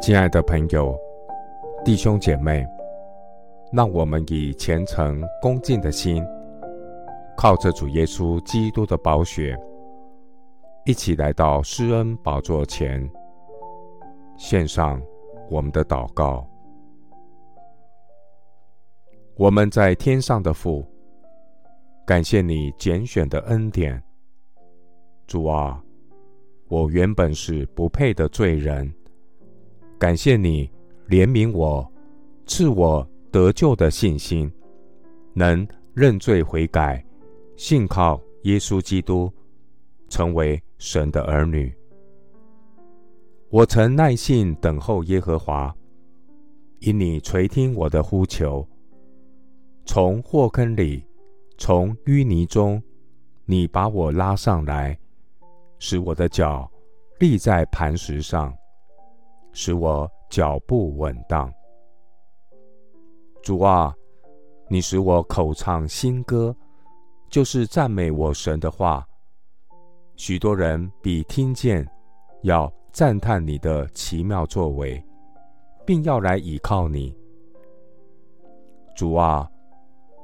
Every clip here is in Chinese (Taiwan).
親愛的朋友、弟兄姐妹，讓我們以虔誠恭敬的心，靠着主耶穌基督的寶血，一起來到施恩寶座前，獻上我們的禱告。我們在天上的父，感謝你揀選的恩典，主啊。我原本是不配的罪人，感謝你憐憫我，賜我得救的信心，能認罪悔改，信靠耶穌基督，成為神的兒女。我曾耐心等候耶和華，因你垂聽我的呼求，從禍坑裡，從淤泥中，你把我拉上來。使我的腳立在磐石上，使我腳步穩當。主啊，你使我口唱新歌，就是讚美我神的話。許多人必聽見要讚歎你的奇妙作為，並要來倚靠你。主啊，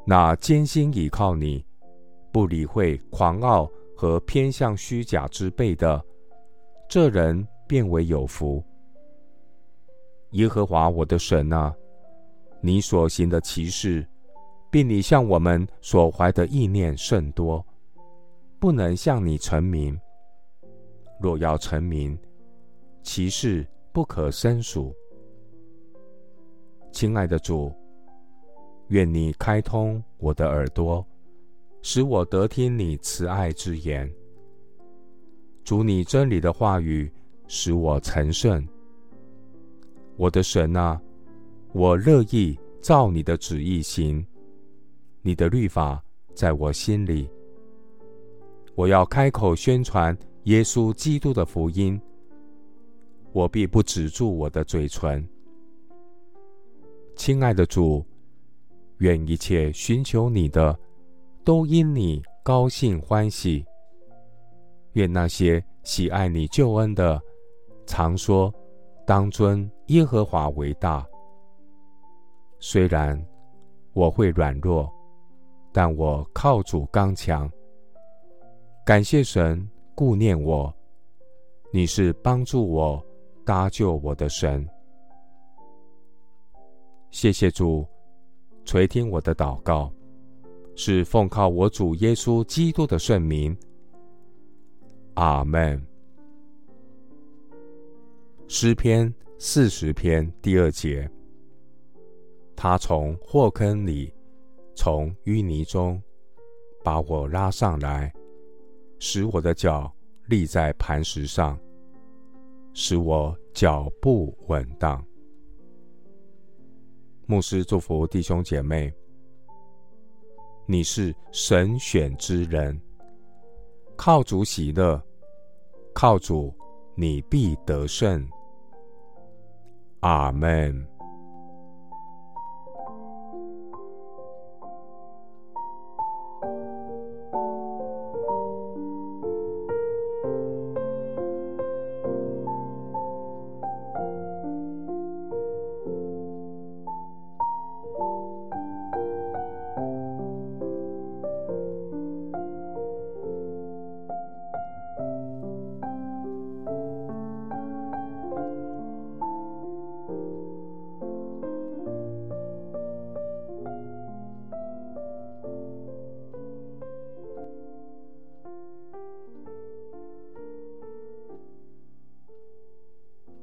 那堅心倚靠你，不理會狂傲和偏向虛假之輩的，這人便為有福。耶和華我的神啊，你所行的奇事，並你向我們所懷的意念甚多，不能向你成名。若要成名，其事不可勝數。親愛的主，願你開通我的耳朵。使我得聽你慈愛之言，主你真理的話語使我成聖。我的神啊，我樂意照你的旨意行，你的律法在我心裡。我要開口宣傳耶穌基督的福音，我必不止住我的嘴唇。親愛的主，願一切尋求你的。都因你高興歡喜。願那些喜愛你救恩的，常說：“當尊耶和華為大。”雖然我會軟弱，但我靠主剛強。感謝神顧念我，你是幫助我、搭救我的神。謝謝主，垂聽我的禱告。是奉靠我主耶穌基督的聖名，阿門。詩篇四十篇第二節，他從禍坑裡，從淤泥中，把我拉上來，使我的腳立在磐石上，使我腳步穩當。牧師祝福弟兄姐妹。你是神選之人，靠主喜樂，靠主你必得勝。阿門。